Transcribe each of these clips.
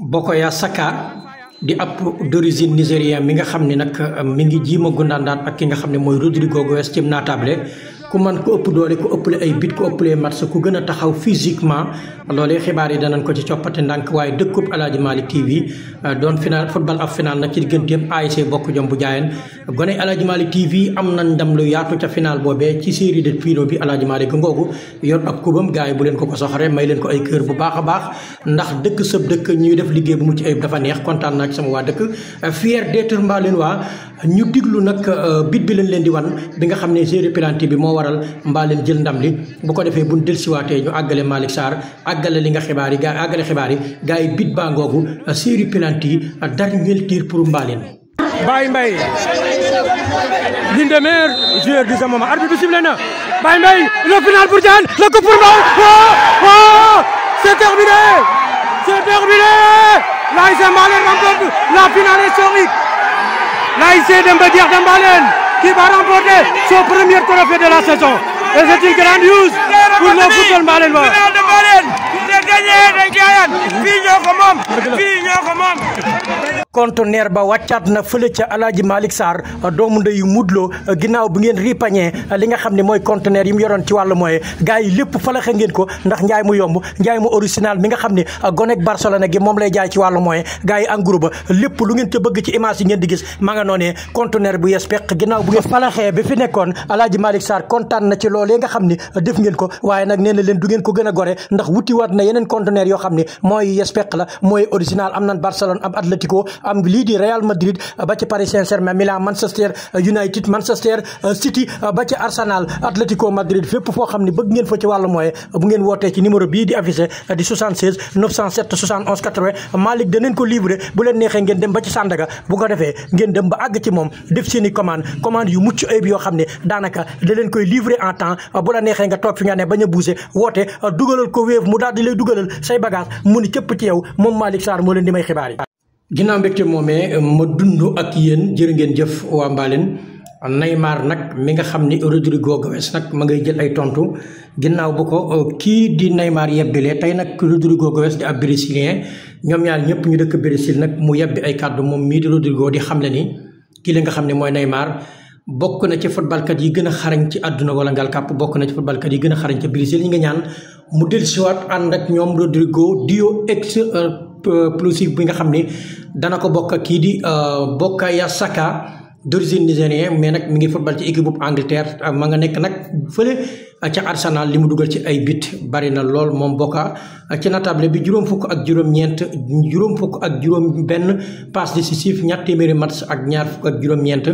Bokoya Saka di ab d'origine nigérien mi nga xam ne nag euh, mi ngi jiima daan ak ki nga xam ne mooy Rodrigo Goes cim naataable ku man ku ëpp doole ku ëpp ay bit ku ëppalee match ku gën a taxaw physiquement loolee xibaar yi danañ ko ci coppate ndànk waaye dëkkub Aladji Malick TV euh, doon final football ab final nag ci digganteem ASC bokk jom bu jaayeen gone Aladji Malick TV am nañ ndam lu yaatu ca final boobee ci série de pino bi Aladji Malick ngoogu yor ab kubam gars yi bu leen ko ko soxre may leen ko ay kër bu baax a baax ndax dëkk sëb dëkk ñuy def liggéey bu mucc ay dafa neex kontaan naa ci sama waa dëkk euh, fier d'être mbaa leen waa ñu diglu nag euh, bit bi lañ leen di wan bi nga xam ne série penalty bi moo waral mbaa jël ndam li bu ko defee buñ delsiwaatee ñu àggale Malick Sarr àggale li nga xibaar yi gaa àggale xibaar yi gars bit baa ngoogu série penalty dernier tir pour mbaaleen Baye Mbaye l'une des meilleures joueurs de ce moment arbitre bi sifflé na Baye Mbaye le final pour Diane le coup pour Mbaye oh oh c'est L'AIC Dembediak Dembalen qui a remporter son premier trophée de la saison. Et c'est une grande news pour le football mbaaleen waaw. final de Mbaaleen. ñu ngi gagné dañ koy yaan. fii ñoo ko fii ñoo ko conteneur ba wàccaat na fële ca alaaji Malick Sarr doomu ndeyu loo ginnaaw bu ngeen ripañee li nga xam ne mooy conteneur yi mu yoroon ci wàllu mooy gars yi lépp falaxa ngeen ko ndax njaay mu yomb njaay mu original mi nga xam ne gonek Barcelone gi moom lay jaay ci wàllu mooy gars yi en gros ba lépp lu ngeen ca bëgg ci image yi ngeen di gis ma nga noonee conteneur bu yees peq ginnaaw bu ngeen falaxee bi fi nekkoon alaaji Malick Sarr kontaan na ci loolee nga xam ne def ngeen ko waaye nag nee na leen du ngeen ko gën a gore ndax wutiwaat na yeneen conteneur yoo xam ne mooy yees la mooy original am nan Barcelone am Atlético am lii di Real Madrid uh, ba ci Paris Saint-Germain Milan Manchester uh, United Manchester uh, City ba ci Arsenal Atlético Madrid fépp foo xam ne bëgg ngeen fa ci wàllu moyen bu ngeen wootee ci numéro bii di affiché di 76 907 71 80 Malick danañ ko livré bu leen neexee ngeen dem ba ci Sandaga bu ko defee ngeen dem ba àgg ci moom def seeni i commande yu mucc ayib yoo xam ne daanaka da koy livré en temps bu la neexee nga toog fi nga ne bañ a bougé woote dugalal ko wéef mu daal di lay dugalal say moom Malick Sarr moo ginnaaw mbégte moomee ma dund ak yéen jërë ngeen jëf waa Mbaleen Neymar nag mi nga xam ni Rodrigo Gomes nag ma ngay jël ay tontu ginnaaw bu ko euh, kii di Neymar yebbilee tey nag Rodrigo Gomes di ab brésilien ñoom ñaar ñëpp ñu dëkk Brésil nag mu yebbi ay kàddu moom mii di Rodrigo di xam xamle ni kii la nga xam ne mooy Neymar. bokk na ci footballkat yi gën a xarañ ci àdduna wala ngal kàpp bokk na ci footballkat yi gën a xarañ ci Brésil ñi nga ñaan mu dellusiwaat ànd ak ñoom Rodrigo Dio ex e explosif euh, bi nga xam ne dana ko bokk kii di euh, ya Saka d'origine nigérien mais nag mi ngi football ci équipe bu Angleterre euh, ma nga nekk nag fële ca Arsenal li mu dugal ci ay bit bari na lool moom Boka ci natable bi juróom fukk ak juróom-ñeent juróom fukk ak juróom benn passe décisif ñaar téeméeri match ak ñaar fukk ak juróom-ñeent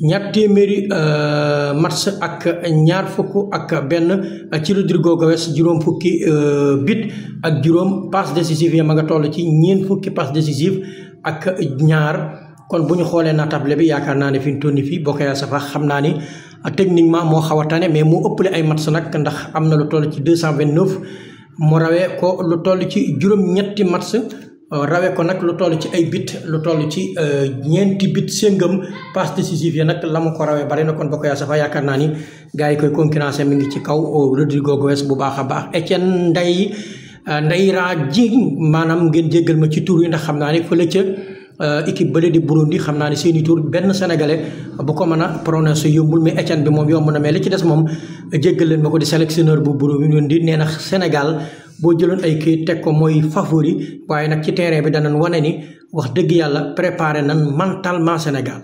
ñaar téeméeri euh, match ak ñaar fukk ak benn ci Rodrigo Goes juróom fukki euh, bit ak juróom passe décisive ya ma nga toll ci ñeent fukki passe décisive ak ñaar kon bu ñu xoolee na table bi yaakaar naa ne fi mu toll nii fii Bukayo Saka xam naa ni techniquement moo xaw a mais moo ëppale ay match nag ndax am na lu toll ci deux cent vingt neuf mu rawee ko lu toll ci juróom ñetti match Euh, rawe ko nag lu toll ci ay bit lu toll ci euh, ñeenti bit séngam passe décisive yi nag la mu ko rawee bari na kon Bukayo Saka yaakaar naa ni gaa yi koy concurrencé mi ngi ci kaw euh, Rodrygo Goes bu baax a baax Etienne Ndeye Ndeye Radji maanaam ngeen jéggal ma ci tur yi ndax xam naa ni fële ca équipe bële di Burundi xam naa ne seen i tur benn sénégalais bu ko mën a prononcé yombul mais Etienne bi moom yomb na mais li ci des moom jéggal leen ma ko di sélectionneur bu Burundi nee na Sénégal. boo jëloon ay kayit teg ko mooy favori waaye nag ci terrain bi danañ wane ni wax dëgg yàlla préparé nan mentalement Sénégal.